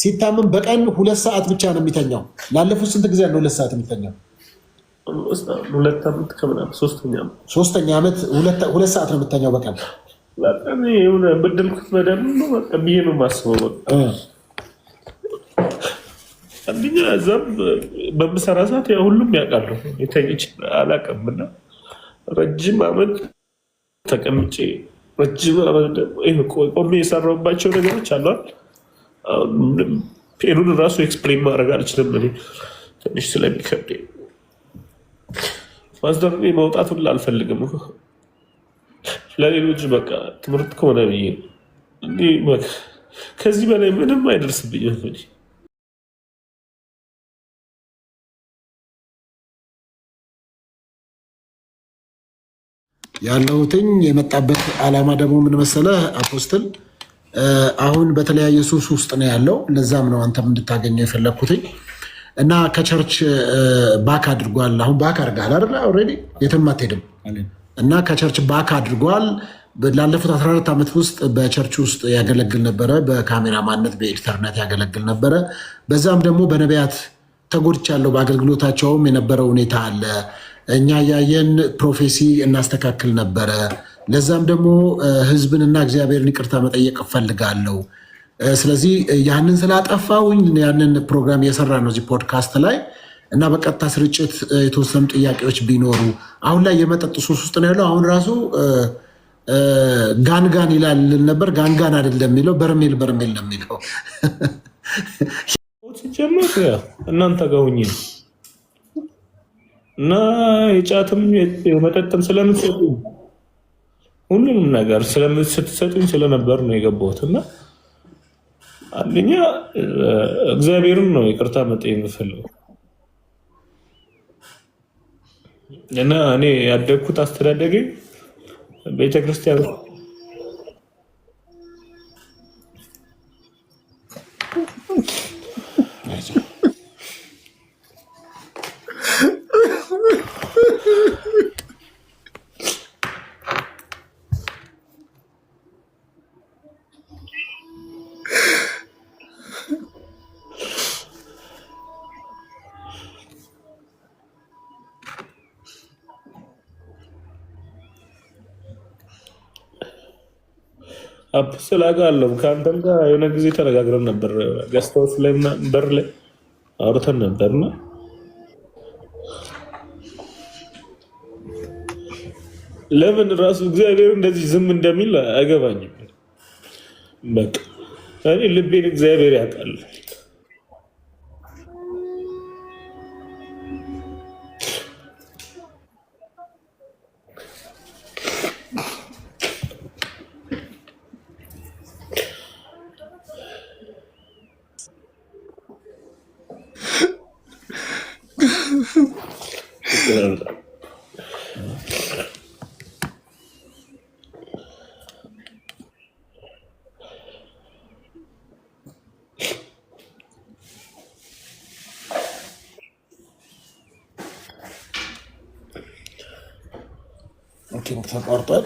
ሲታመም በቀን ሁለት ሰዓት ብቻ ነው የሚተኛው። ላለፉት ስንት ጊዜ ያለ ሁለት ሰዓት የሚተኛው? ሶስተኛ ዓመት ሁለት ሰዓት ነው የምተኛው በቀን ብድልኩት በደንብ ብዬ ነው የማስበው። እዛም በምሰራ ሰዓት ሁሉም ያውቃሉ የተኝቼ አላውቅም ረጅም ዓመት ተቀምጬ ረጅም ዓመት ቆሜ የሰራሁባቸው ነገሮች አሏል ምንም ፔኑን ራሱ ኤክስፕሌን ማድረግ አልችልም እኔ ትንሽ ስለሚከብድ ማስደር መውጣቱን ላልፈልግም ለሌሎች በቃ ትምህርት ከሆነ ብዬ ከዚህ በላይ ምንም አይደርስብኝም። ያለሁትኝ የመጣበት ዓላማ ደግሞ ምን መሰለህ አፖስትል አሁን በተለያየ ሱስ ውስጥ ነው ያለው። ለዛም ነው አንተም እንድታገኘው የፈለግኩትኝ እና ከቸርች ባክ አድርጓል። አሁን ባክ አድርጓል አይደለ? ኦልሬዲ የትም አትሄድም። እና ከቸርች ባክ አድርጓል። ላለፉት 14 ዓመት ውስጥ በቸርች ውስጥ ያገለግል ነበረ። በካሜራ ማነት በኤዲተርነት ያገለግል ነበረ። በዛም ደግሞ በነቢያት ተጎድቻለሁ። በአገልግሎታቸውም የነበረ ሁኔታ አለ። እኛ ያየን ፕሮፌሲ እናስተካክል ነበረ ለዛም ደግሞ ህዝብንና እግዚአብሔርን ይቅርታ መጠየቅ እፈልጋለሁ። ስለዚህ ያንን ስላጠፋውኝ ያንን ፕሮግራም እየሰራ ነው እዚህ ፖድካስት ላይ እና በቀጥታ ስርጭት የተወሰኑ ጥያቄዎች ቢኖሩ አሁን ላይ የመጠጥ ሱስ ውስጥ ነው ያለው። አሁን ራሱ ጋንጋን ይላል ነበር። ጋንጋን አይደለም የሚለው በርሜል በርሜል ነው የሚለው። ሲጀመር እናንተ ጋር ሆኜ ነው እና የጫትም የመጠጥም ስለምትሰጡ ሁሉንም ነገር ስትሰጡኝ ስለነበር ነው የገባሁት እና አንደኛ እግዚአብሔርን ነው ይቅርታ መጠየቅ የምፈልገው እና እኔ ያደግኩት አስተዳደገኝ ቤተክርስቲያን አፕ ጋር ከአንተም ጋር የሆነ ጊዜ ተነጋግረን ነበር። ገስታውስ ላይ በር ላይ አውርተን ነበርና ለምን ራሱ እግዚአብሔር እንደዚህ ዝም እንደሚል አይገባኝም። በቃ እኔ ልቤን እግዚአብሔር ያውቃል። soporte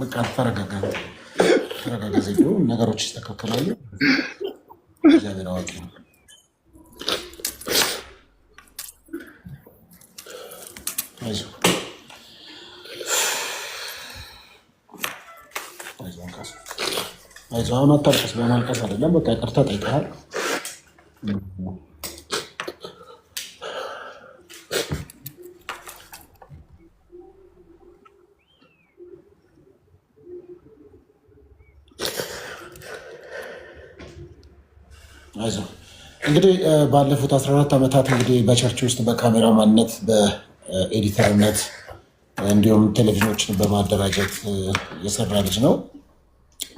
በቃ ተረጋጋ፣ ተረጋጋ። ነገሮች ይስተካከላሉ። እግዚአብሔር አዋቂ ነው። አሁን አታልቀስ። በማልቀስ አይደለም። በቃ ይቅርታ ጠይቀሃል። እንግዲህ ባለፉት 14 ዓመታት እንግዲህ በቸርች ውስጥ በካሜራ ማነት በኤዲተርነት እንዲሁም ቴሌቪዥኖችን በማደራጀት የሰራ ልጅ ነው።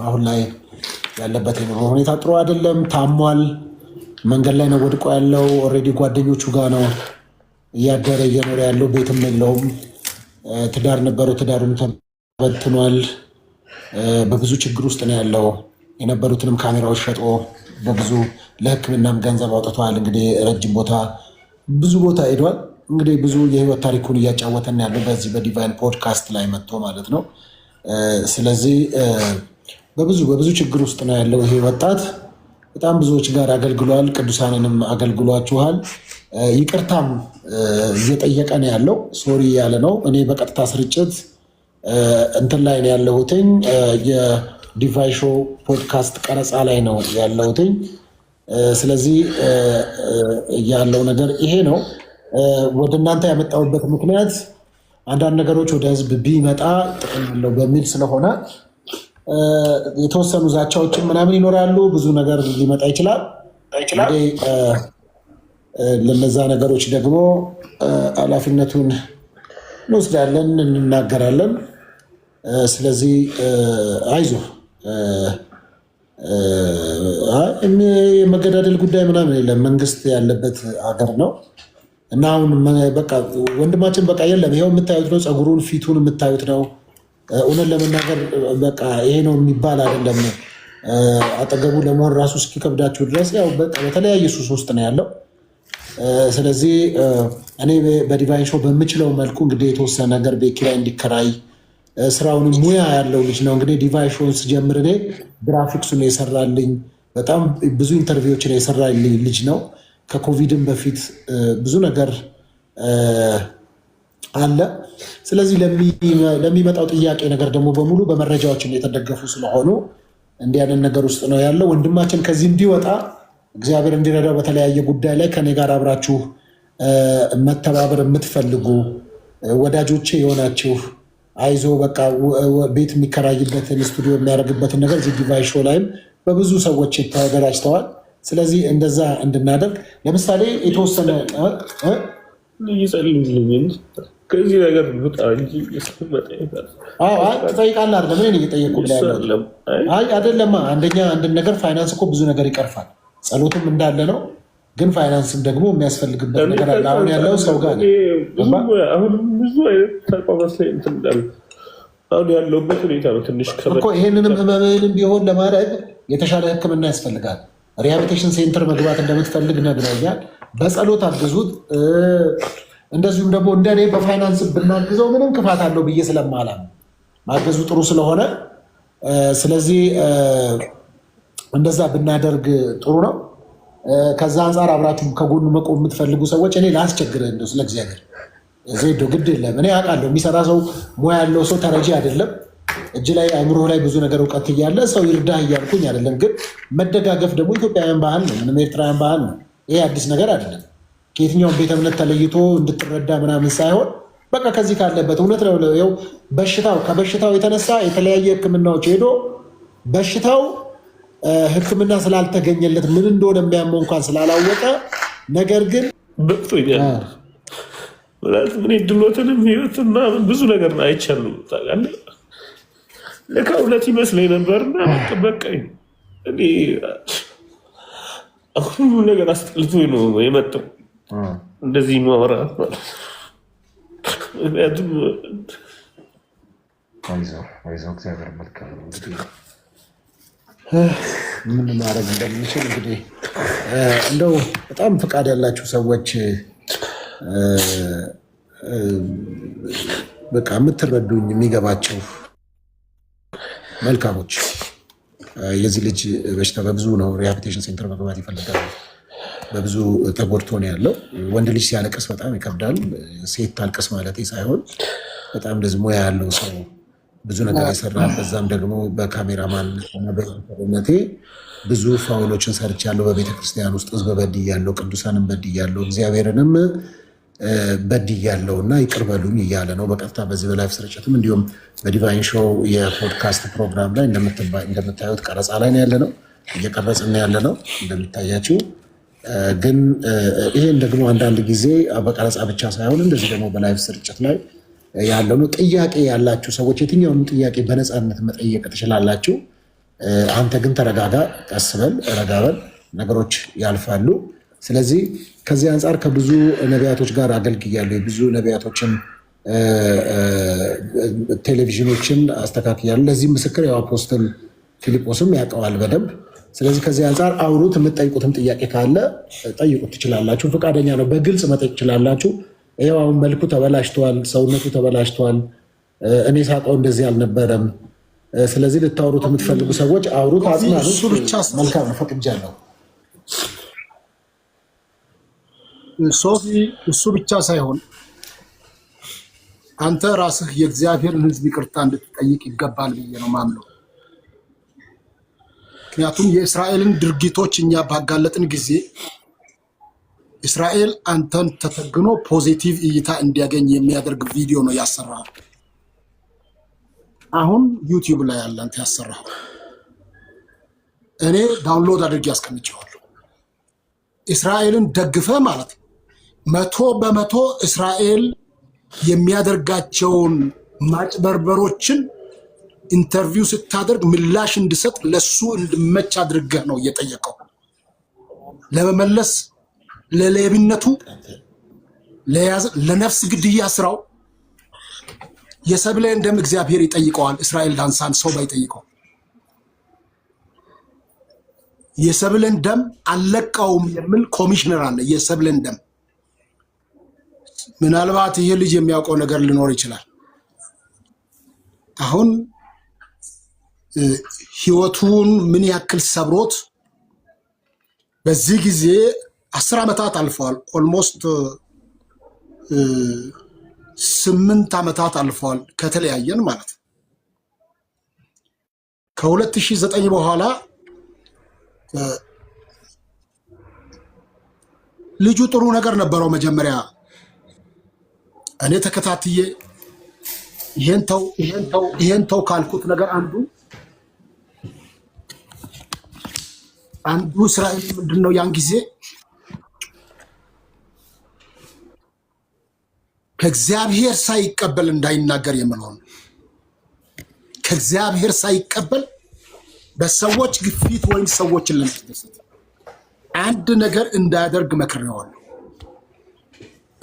አሁን ላይ ያለበት የኑሮ ሁኔታ ጥሩ አይደለም። ታሟል። መንገድ ላይ ነው ወድቆ ያለው። ኦልሬዲ ጓደኞቹ ጋር ነው እያደረ እየኖረ ያለው። ቤትም የለውም። ትዳር ነበረው። ትዳሩም ተበትኗል። በብዙ ችግር ውስጥ ነው ያለው። የነበሩትንም ካሜራዎች ሸጦ በብዙ ለሕክምናም ገንዘብ አውጥቷል። እንግዲህ ረጅም ቦታ ብዙ ቦታ ሄዷል። እንግዲህ ብዙ የህይወት ታሪኩን እያጫወተን ያለው በዚህ በዲቫይን ፖድካስት ላይ መጥቶ ማለት ነው። ስለዚህ በብዙ በብዙ ችግር ውስጥ ነው ያለው ይሄ ወጣት። በጣም ብዙዎች ጋር አገልግሏል። ቅዱሳንንም አገልግሏችኋል። ይቅርታም እየጠየቀ ነው ያለው። ሶሪ ያለ ነው። እኔ በቀጥታ ስርጭት እንትን ላይ ነው ያለሁትኝ ዲቫይ ሾው ፖድካስት ቀረጻ ላይ ነው ያለውትኝ ስለዚህ ያለው ነገር ይሄ ነው። ወደ እናንተ ያመጣውበት ምክንያት አንዳንድ ነገሮች ወደ ህዝብ ቢመጣ ጥቅም አለው በሚል ስለሆነ የተወሰኑ ዛቻዎችን ምናምን ይኖራሉ። ብዙ ነገር ሊመጣ ይችላል። ለነዛ ነገሮች ደግሞ ኃላፊነቱን እንወስዳለን፣ እንናገራለን። ስለዚህ አይዞህ የመገዳደል ጉዳይ ምናምን የለም። መንግስት ያለበት ሀገር ነው እና አሁን በቃ ወንድማችን በቃ የለም፣ ይኸው የምታዩት ነው፣ ፀጉሩን ፊቱን የምታዩት ነው። እውነት ለመናገር በቃ ይሄ ነው የሚባል አይደለም። አጠገቡ ለመሆን ራሱ እስኪከብዳችሁ ድረስ ያው በቃ በተለያየ ሱስ ውስጥ ነው ያለው። ስለዚህ እኔ በዲቫይን ሾው በምችለው መልኩ እንግዲህ የተወሰነ ነገር ቤኪ ላይ እንዲከራይ ስራውንም ሙያ ያለው ልጅ ነው። እንግዲህ ዲቫይሽን ስጀምር እኔ ግራፊክሱን የሰራልኝ በጣም ብዙ ኢንተርቪዎችን የሰራልኝ ልጅ ነው። ከኮቪድም በፊት ብዙ ነገር አለ። ስለዚህ ለሚመጣው ጥያቄ ነገር ደግሞ በሙሉ በመረጃዎች የተደገፉ ስለሆኑ እንዲያንን ነገር ውስጥ ነው ያለው። ወንድማችን ከዚህ እንዲወጣ እግዚአብሔር እንዲረዳው በተለያየ ጉዳይ ላይ ከኔ ጋር አብራችሁ መተባበር የምትፈልጉ ወዳጆቼ የሆናችሁ አይዞ በቃ ቤት የሚከራይበትን ስቱዲዮ የሚያደርግበትን ነገር እዚህ ዲቫይ ሾ ላይም በብዙ ሰዎች ተደራጅተዋል። ስለዚህ እንደዛ እንድናደርግ ለምሳሌ የተወሰነ ከዚህ ነገር ትጠይቃለህ አይደለማ። አንደኛ አንድን ነገር ፋይናንስ እኮ ብዙ ነገር ይቀርፋል። ጸሎትም እንዳለ ነው ግን ፋይናንስም ደግሞ የሚያስፈልግበት ነገር አለ። አሁን ያለው ሰው ጋር ብዙ አይነት ተቋማት ላይ እንትን እንዳለ አሁን ያለውበት ሁኔታ ነው። ትንሽ እኮ ይህንንም ህመምህንም ቢሆን ለማድረግ የተሻለ ህክምና ያስፈልጋል። ሪሃቢቴሽን ሴንተር መግባት እንደምትፈልግ ነግረኛል። በጸሎት አግዙት። እንደዚሁም ደግሞ እንደ እኔ በፋይናንስ ብናግዘው ምንም ክፋት አለው ብዬ ስለማላም ማገዙ ጥሩ ስለሆነ ስለዚህ እንደዛ ብናደርግ ጥሩ ነው። ከዛ አንጻር አብራችሁ ከጎኑ መቆም የምትፈልጉ ሰዎች እኔ ላስቸግርህ እንደው ስለ እግዚአብሔር ግድ የለም። እኔ አውቃለሁ የሚሰራ ሰው ሙያ ያለው ሰው ተረጂ አይደለም። እጅ ላይ አእምሮ ላይ ብዙ ነገር እውቀት እያለ ሰው ይርዳ እያልኩኝ አይደለም። ግን መደጋገፍ ደግሞ ኢትዮጵያውያን ባህል ነው፣ ምንም ኤርትራውያን ባህል ነው። ይሄ አዲስ ነገር አይደለም። ከየትኛውም ቤተ እምነት ተለይቶ እንድትረዳ ምናምን ሳይሆን በቃ ከዚህ ካለበት እውነት ነው። በሽታው ከበሽታው የተነሳ የተለያየ ሕክምናዎች ሄዶ በሽታው ሕክምና ስላልተገኘለት ምን እንደሆነ የሚያመው እንኳን ስላላወቀ ነገር ግን በቅቶኛል ማለት ምን ድሎትንም ህይወትና ብዙ ነገር አይቻሉ ልካ እውነት ይመስለኝ ነበርና በቃኝ። ሁሉ ነገር አስጠልቶ ነው የመጣው እንደዚህ ማውራት ማለት ምክንያቱም ምን ማድረግ እንደምንችል እንግዲህ እንደው በጣም ፈቃድ ያላችሁ ሰዎች በቃ የምትረዱኝ የሚገባቸው መልካሞች የዚህ ልጅ በሽታ በብዙ ነው። ሪሃቢቴሽን ሴንተር መግባት ይፈልጋል። በብዙ ተጎድቶ ነው ያለው። ወንድ ልጅ ሲያለቅስ በጣም ይከብዳል። ሴት ታልቅስ ማለት ሳይሆን በጣም ደዝሞ ያለው ሰው ብዙ ነገር የሰራ በዛም ደግሞ በካሜራማን በነቴ ብዙ ፋውሎችን በቤተ በቤተክርስቲያን ውስጥ ህዝብ በድያለሁ፣ ቅዱሳንም ያለው እግዚአብሔርንም ያለው እና ይቅርበሉኝ እያለ ነው በቀጥታ በዚህ በላይፍ ስርጭትም እንዲሁም በዲቫይን ሾው የፖድካስት ፕሮግራም ላይ እንደምታዩት ቀረፃ ላይ ነው ያለ ነው፣ እየቀረጽን ያለ ነው እንደሚታያችው። ግን ይሄን ደግሞ አንዳንድ ጊዜ በቀረጻ ብቻ ሳይሆን እንደዚህ ደግሞ በላይፍ ስርጭት ላይ ያለው ነው። ጥያቄ ያላችሁ ሰዎች የትኛውንም ጥያቄ በነፃነት መጠየቅ ትችላላችሁ። አንተ ግን ተረጋጋ፣ ቀስ በል፣ ረጋ በል፣ ነገሮች ያልፋሉ። ስለዚህ ከዚህ አንጻር ከብዙ ነቢያቶች ጋር አገልግያለሁ። የብዙ ነቢያቶችን ቴሌቪዥኖችን አስተካክያለሁ። ለዚህ ምስክር ያው አፖስትል ፊልጶስም ያውቀዋል በደንብ። ስለዚህ ከዚህ አንጻር አውሩት። የምትጠይቁትም ጥያቄ ካለ ጠይቁት ትችላላችሁ። ፈቃደኛ ነው፣ በግልጽ መጠየቅ ትችላላችሁ። ይኸው አሁን መልኩ ተበላሽቷል፣ ሰውነቱ ተበላሽቷል፣ እኔ ሳውቀው እንደዚህ አልነበረም። ስለዚህ ልታወሩት የምትፈልጉ ሰዎች አውሩት፣ አጽናኑት። መልካም ነው፣ ፈቅጃለሁ። ሶፊ እሱ ብቻ ሳይሆን አንተ ራስህ የእግዚአብሔርን ሕዝብ ይቅርታ እንድትጠይቅ ይገባል ብዬ ነው ማምነው። ምክንያቱም የእስራኤልን ድርጊቶች እኛ ባጋለጥን ጊዜ እስራኤል አንተን ተተግኖ ፖዚቲቭ እይታ እንዲያገኝ የሚያደርግ ቪዲዮ ነው ያሰራ። አሁን ዩቲዩብ ላይ ያለ አንተ እኔ ዳውንሎድ አድርጌ ያስቀምጨዋለሁ። እስራኤልን ደግፈ ማለት መቶ በመቶ እስራኤል የሚያደርጋቸውን ማጭበርበሮችን ኢንተርቪው ስታደርግ ምላሽ እንድሰጥ ለሱ እንድመች አድርገህ ነው እየጠየቀው ለመመለስ ለሌብነቱ፣ ለነፍስ ግድያ ስራው የሰብለ ደም እግዚአብሔር ይጠይቀዋል። እስራኤል ዳንሳን ሰው ባይጠይቀው የሰብለን ደም አልለቀውም የሚል ኮሚሽነር አለ። የሰብለን ደም ምናልባት ይሄ ልጅ የሚያውቀው ነገር ሊኖር ይችላል። አሁን ህይወቱን ምን ያክል ሰብሮት በዚህ ጊዜ አስር ዓመታት አልፈዋል። ኦልሞስት uh, ስምንት ዓመታት አልፈዋል ከተለያየን ማለት ነው። ከሁለት ሺህ ዘጠኝ በኋላ uh, ልጁ ጥሩ ነገር ነበረው። መጀመሪያ እኔ ተከታትዬ ይሄን ተው ካልኩት ነገር አንዱ አንዱ እስራኤል ምንድን ነው ያን ጊዜ ከእግዚአብሔር ሳይቀበል እንዳይናገር የምንሆን ከእግዚአብሔር ሳይቀበል በሰዎች ግፊት ወይም ሰዎችን ለማስደሰት አንድ ነገር እንዳያደርግ መክሬዋለሁ።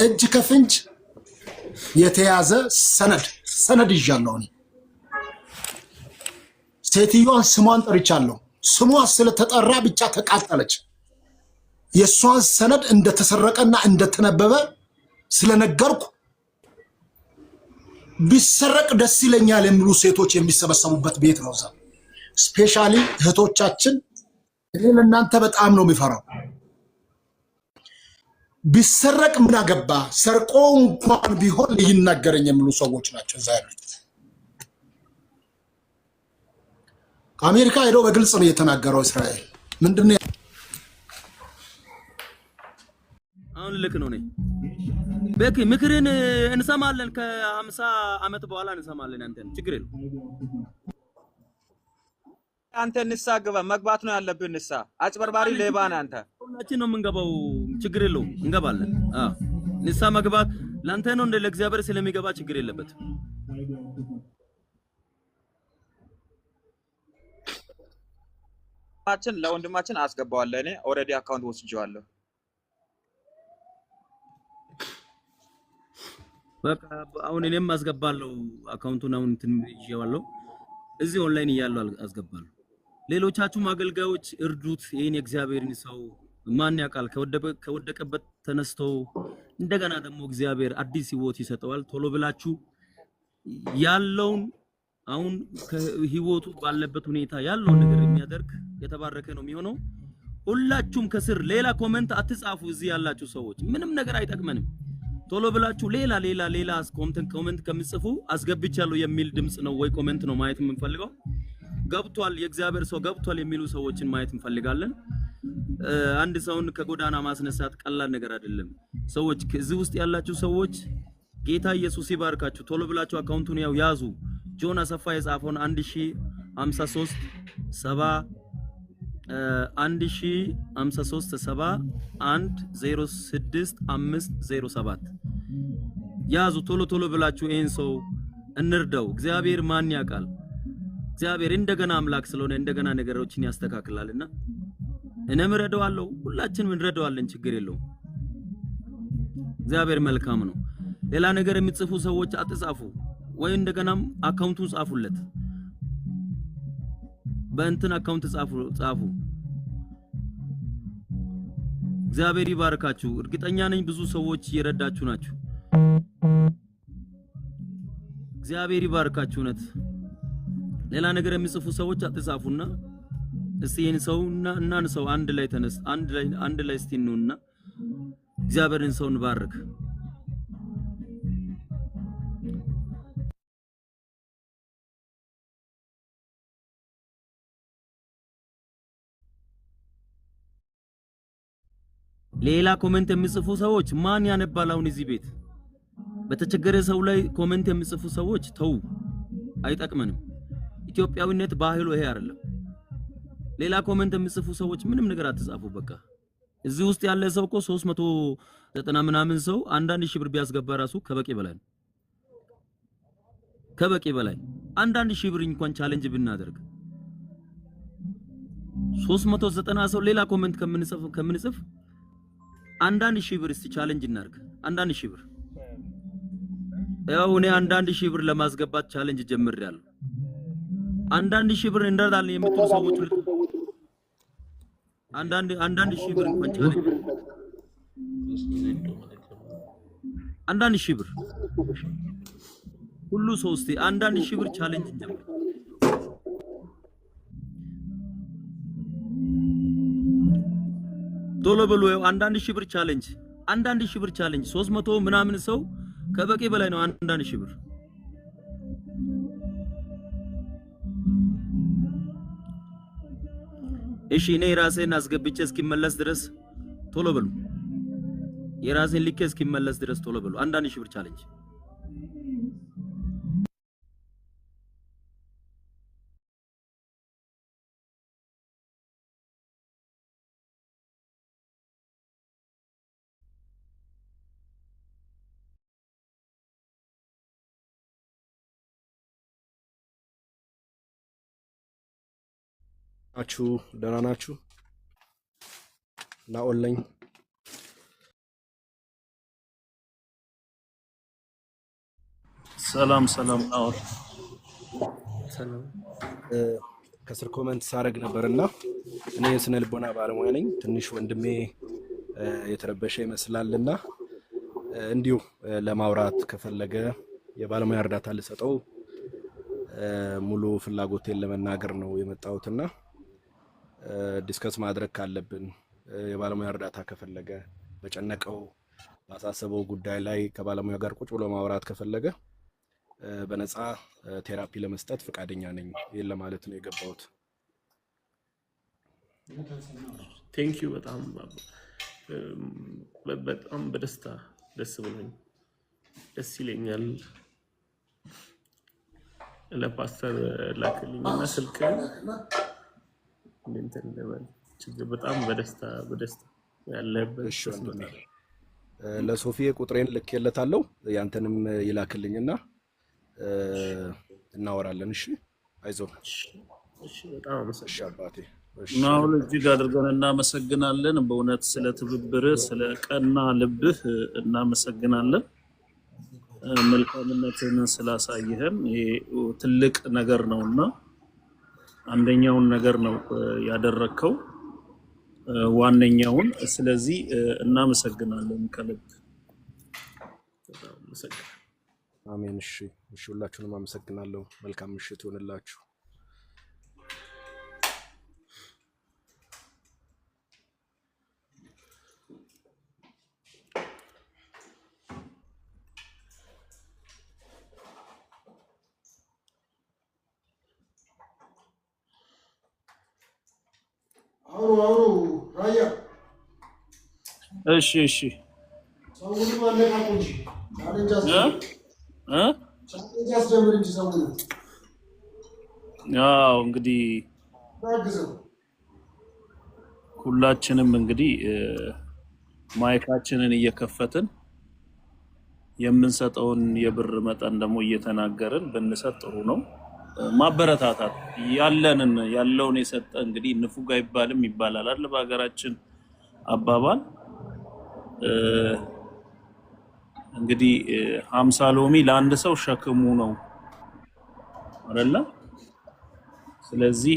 እጅ ከፍንጅ የተያዘ ሰነድ ሰነድ ይዣለሁ። እኔ ሴትዮዋን ስሟን ጠርቻለሁ። ስሟ ስለተጠራ ብቻ ተቃጠለች። የእሷን ሰነድ እንደተሰረቀና እንደተነበበ ስለነገርኩ ቢሰረቅ ደስ ይለኛል የሚሉ ሴቶች የሚሰበሰቡበት ቤት ነው። እዛ ስፔሻሊ እህቶቻችን፣ እኔ በጣም ነው የሚፈራው። ቢሰረቅ ምን አገባ፣ ሰርቆ እንኳን ቢሆን ይናገረኝ የሚሉ ሰዎች ናቸው እዛ ያሉት። አሜሪካ ሄዶ በግልጽ ነው የተናገረው። እስራኤል ምንድን ነው አሁን ልክ ነው ነኝ በቂ ምክርን እንሰማለን። ከሀምሳ አመት በኋላ እንሰማለን። አንተን ችግር የለም። አንተ ንሳ ግባ። መግባት ነው ያለብን። ንሳ አጭበርባሪ ሌባ ነህ አንተ። ሁላችን ነው የምንገባው። ችግር የለውም። እንገባለን። አዎ ንስሓ መግባት ለአንተ ነው እንደ ለእግዚአብሔር ስለሚገባ ችግር የለበት። ለወንድማችን አስገባዋለሁ። እኔ ኦልሬዲ አካውንት ወስጄዋለሁ። በቃ አሁን እኔም አስገባለሁ አካውንቱን አሁን እንትን ይዤዋለሁ። እዚህ ኦንላይን እያለሁ አስገባለሁ። ሌሎቻችሁም አገልጋዮች እርዱት፣ ይህን የእግዚአብሔርን ሰው ማን ያውቃል? ከወደቀበት ተነስተው እንደገና ደግሞ እግዚአብሔር አዲስ ህይወት ይሰጠዋል። ቶሎ ብላችሁ ያለውን አሁን ህይወቱ ባለበት ሁኔታ ያለው ነገር የሚያደርግ የተባረከ ነው የሚሆነው። ሁላችሁም ከስር ሌላ ኮመንት አትጻፉ። እዚህ ያላችሁ ሰዎች ምንም ነገር አይጠቅመንም። ቶሎ ብላችሁ ሌላ ሌላ ሌላ ኮምንት ኮሜንት ከምጽፉ አስገብቻለሁ የሚል ድምጽ ነው ወይ ኮሜንት ነው ማየት የምንፈልገው። ገብቷል የእግዚአብሔር ሰው ገብቷል የሚሉ ሰዎችን ማየት እንፈልጋለን። አንድ ሰውን ከጎዳና ማስነሳት ቀላል ነገር አይደለም። ሰዎች እዚህ ውስጥ ያላችሁ ሰዎች ጌታ ኢየሱስ ይባርካችሁ። ቶሎ ብላችሁ አካውንቱን ያው ያዙ። ጆን አሰፋ የጻፈውን 1053 70 1537106507 ያዙ። ቶሎ ቶሎ ብላችሁ ይህን ሰው እንርዳው። እግዚአብሔር ማን ያውቃል? እግዚአብሔር እንደገና አምላክ ስለሆነ እንደገና ነገሮችን ያስተካክላልና እኔም እረደዋለሁ፣ ሁላችንም እንረደዋለን ችግር የለውም። እግዚአብሔር መልካም ነው። ሌላ ነገር የሚጽፉ ሰዎች አትጻፉ፣ ወይም እንደገናም አካውንቱን ጻፉለት። በእንትን አካውንት ጻፉ ጻፉ። እግዚአብሔር ይባርካችሁ። እርግጠኛ ነኝ ብዙ ሰዎች እየረዳችሁ ናችሁ። እግዚአብሔር ይባርካችሁ። እውነት ሌላ ነገር የሚጽፉ ሰዎች አትጻፉና እስቲ ይህን ሰውና እናን ሰው አንድ ላይ ተነስ አንድ ላይ አንድ ላይ እስቲ እንውና እግዚአብሔርን ሰው እንባርክ። ሌላ ኮሜንት የሚጽፉ ሰዎች ማን ያነባል? አሁን እዚህ ቤት በተቸገረ ሰው ላይ ኮሜንት የሚጽፉ ሰዎች ተው፣ አይጠቅመንም። ኢትዮጵያዊነት ባህሉ ይሄ አይደለም። ሌላ ኮሜንት የሚጽፉ ሰዎች ምንም ነገር አትጻፉ። በቃ እዚህ ውስጥ ያለ ሰው እኮ 390 ምናምን ሰው አንዳንድ ሺህ ብር ቢያስገባ ራሱ ከበቂ በላይ ነው። ከበቂ በላይ አንዳንድ ሺህ ብር እንኳን ቻሌንጅ ብናደርግ 390 ሰው ሌላ ኮሜንት ከምንጽፍ አንዳንድ ሺህ ብር እስቲ ቻሌንጅ እናርግ። አንዳንድ ሺህ ብር ያው እኔ አንዳንድ ሺህ ብር ለማስገባት ቻሌንጅ ጀምሬያለሁ። አንዳንድ ሺህ ብር እንደርዳለን የምትሉ ሰዎች አንዳንድ አንዳንድ ሺህ ብር እንኳን ቻሌንጅ አንዳንድ ሺህ ብር ሁሉ ሰው እስቲ አንዳንድ ሺህ ብር ቻሌንጅ ጀምር። ቶሎ ብሎ አንዳንድ ሺህ ብር ቻሌንጅ አንዳንድ ሺህ ብር ቻሌንጅ ሶስት መቶ ምናምን ሰው ከበቂ በላይ ነው። አንዳንድ ሺህ ብር እሺ፣ እኔ የራሴን አስገብቼ እስኪመለስ ድረስ ቶሎ ብሎ የራሴን ልኬ እስኪመለስ ድረስ ቶሎ ብሎ አንዳንድ ሺህ ብር ቻሌንጅ አችሁ ደህና ናችሁ? ናኦለኝ ሰላም ሰላም። ናኦል ከስር ኮመንት ሳደርግ ነበር እና እኔ የስነ ልቦና ባለሙያ ነኝ። ትንሽ ወንድሜ የተረበሸ ይመስላል እና እንዲሁ ለማውራት ከፈለገ የባለሙያ እርዳታ ልሰጠው ሙሉ ፍላጎቴን ለመናገር ነው የመጣሁትና ዲስከስ ማድረግ ካለብን የባለሙያ እርዳታ ከፈለገ በጨነቀው ባሳሰበው ጉዳይ ላይ ከባለሙያ ጋር ቁጭ ብሎ ማውራት ከፈለገ በነፃ ቴራፒ ለመስጠት ፈቃደኛ ነኝ። ይህን ለማለት ነው የገባሁት። በጣም በጣም በደስታ ደስ ብሎኝ ደስ ይለኛል። ለፓስተር ላክልኝና ስልክ በጣም በደስታ በደስታ ያለበት ለሶፊ ቁጥሬን ልኬለታለሁ። ያንተንም ይላክልኝና እናወራለን። እሺ አይዞ እና እጅግ አድርገን እናመሰግናለን። በእውነት ስለ ትብብር፣ ስለ ቀና ልብህ እናመሰግናለን። መልካምነትን ስላሳየህን ትልቅ ነገር ነውና አንደኛውን ነገር ነው ያደረግከው ዋነኛውን። ስለዚህ እናመሰግናለን ከልብ አሜን። እሺ፣ እሺ፣ ሁላችሁንም አመሰግናለሁ። መልካም ምሽት ይሆንላችሁ። አውሩ አውሩ ራያ እሺ እሺ ሰውንም አነቃቁ እንጂ ቻሌንጅ አስጀምር እንጂ ሰውንም ያው እንግዲህ ሁላችንም እንግዲህ ማይካችንን እየከፈትን የምንሰጠውን የብር መጠን ደግሞ እየተናገርን ብንሰጥ ጥሩ ነው። ማበረታታት ያለንን ያለውን የሰጠ እንግዲህ ንፉግ አይባልም ይባላል አለ በሀገራችን አባባል። እንግዲህ ሀምሳ ሎሚ ለአንድ ሰው ሸክሙ ነው አይደለ? ስለዚህ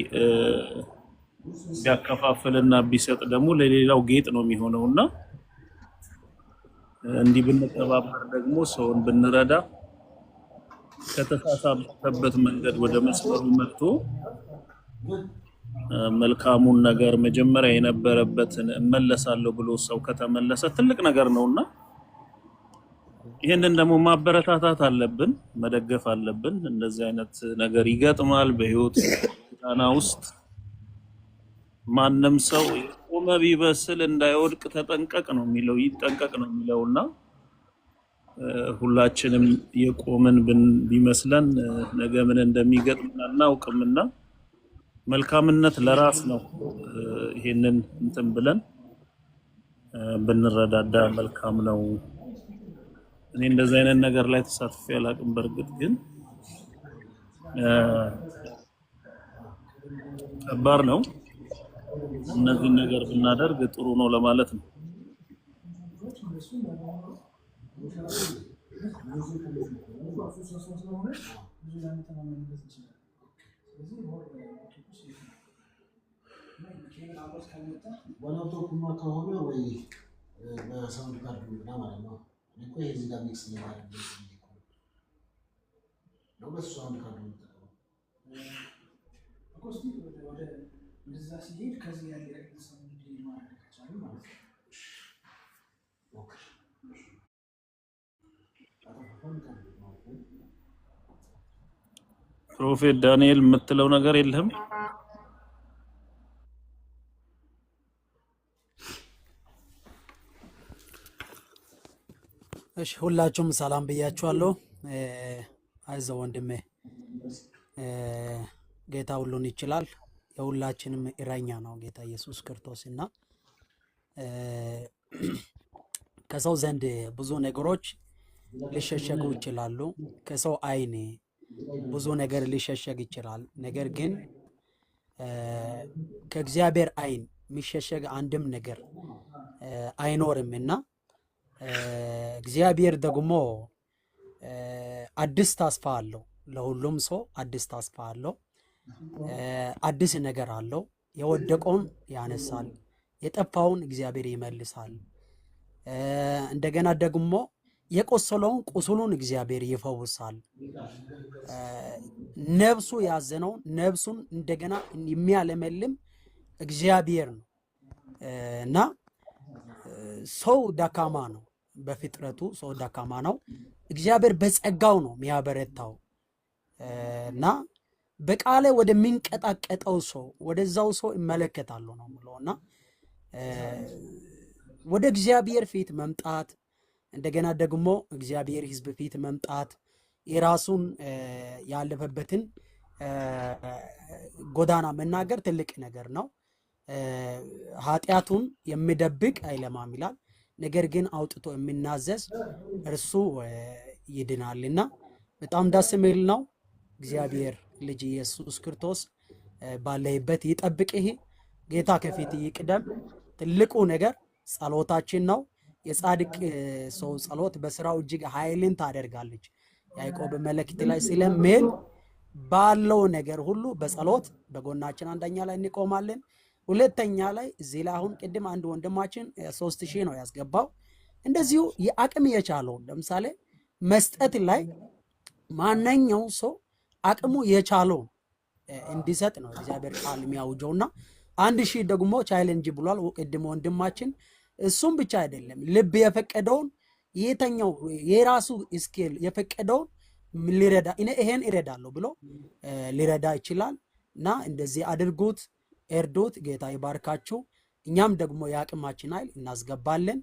ቢያከፋፍልና ቢሰጥ ደግሞ ለሌላው ጌጥ ነው የሚሆነውና እንዲህ ብንተባበር ደግሞ ሰውን ብንረዳ ከተሳሳተበት መንገድ ወደ መስመሩ መጥቶ መልካሙን ነገር መጀመሪያ የነበረበትን እመለሳለሁ ብሎ ሰው ከተመለሰ ትልቅ ነገር እና ይህንን ደግሞ ማበረታታት አለብን፣ መደገፍ አለብን። እንደዚህ አይነት ነገር ይገጥማል በህይወት ዳና ውስጥ ማንም ሰው የቆመ ቢበስል እንዳይወድቅ ተጠንቀቅ ነው የሚለው ይጠንቀቅ ነው የሚለውና ሁላችንም የቆምን ቢመስለን ነገ ምን እንደሚገጥም አናውቅምና መልካምነት ለራስ ነው። ይሄንን እንትን ብለን ብንረዳዳ መልካም ነው። እኔ እንደዚህ አይነት ነገር ላይ ተሳትፎ አላውቅም። በእርግጥ ግን ከባድ ነው። እነዚህን ነገር ብናደርግ ጥሩ ነው ለማለት ነው። ዋናው ከሆነ ወይ በሰውንድ ካርድ ማለት ነው። ፕሮፌት ዳንኤል የምትለው ነገር የለህም? እሺ፣ ሁላችሁም ሰላም ብያችኋለሁ። አይዞህ ወንድሜ፣ ጌታ ሁሉን ይችላል። የሁላችንም እረኛ ነው ጌታ ኢየሱስ ክርስቶስ እና ከሰው ዘንድ ብዙ ነገሮች ሊሸሸጉ ይችላሉ። ከሰው አይን ብዙ ነገር ሊሸሸግ ይችላል። ነገር ግን ከእግዚአብሔር አይን የሚሸሸግ አንድም ነገር አይኖርም እና እግዚአብሔር ደግሞ አዲስ ተስፋ አለው። ለሁሉም ሰው አዲስ ተስፋ አለው። አዲስ ነገር አለው። የወደቀውን ያነሳል፣ የጠፋውን እግዚአብሔር ይመልሳል። እንደገና ደግሞ የቆሰለውን ቁስሉን እግዚአብሔር ይፈውሳል። ነብሱ ያዘነውን ነብሱን እንደገና የሚያለመልም እግዚአብሔር ነው እና ሰው ደካማ ነው። በፍጥረቱ ሰው ደካማ ነው። እግዚአብሔር በጸጋው ነው የሚያበረታው እና በቃለ ወደሚንቀጣቀጠው ሰው ወደዛው ሰው ይመለከታሉ ነው ብለውና ወደ እግዚአብሔር ፊት መምጣት እንደገና ደግሞ እግዚአብሔር ሕዝብ ፊት መምጣት የራሱን ያለፈበትን ጎዳና መናገር ትልቅ ነገር ነው። ኃጢአቱን የሚደብቅ አይለማም ይላል። ነገር ግን አውጥቶ የሚናዘዝ እርሱ ይድናልና በጣም ደስ የሚል ነው። እግዚአብሔር ልጅ ኢየሱስ ክርስቶስ ባለህበት ይጠብቅህ። ጌታ ከፊት ይቅደም። ትልቁ ነገር ጸሎታችን ነው። የጻድቅ ሰው ጸሎት በስራው እጅግ ኃይልን ታደርጋለች። ያዕቆብ መልእክት ላይ ስለሚል ባለው ነገር ሁሉ በጸሎት በጎናችን አንደኛ ላይ እንቆማለን። ሁለተኛ ላይ እዚህ ላይ አሁን ቅድም አንድ ወንድማችን ሶስት ሺህ ነው ያስገባው። እንደዚሁ የአቅም የቻለውን ለምሳሌ መስጠት ላይ ማነኛው ሰው አቅሙ የቻለውን እንዲሰጥ ነው እግዚአብሔር ቃል የሚያውጀውና አንድ ሺህ ደግሞ ቻይለንጅ ብሏል ቅድም ወንድማችን እሱም ብቻ አይደለም ልብ የፈቀደውን የተኛው የራሱ ስኬል የፈቀደውን ሊረዳ ይሄን ይረዳለሁ ብሎ ሊረዳ ይችላል። እና እንደዚህ አድርጉት፣ እርዶት ጌታ ይባርካችሁ። እኛም ደግሞ የአቅማችን ኃይል እናስገባለን።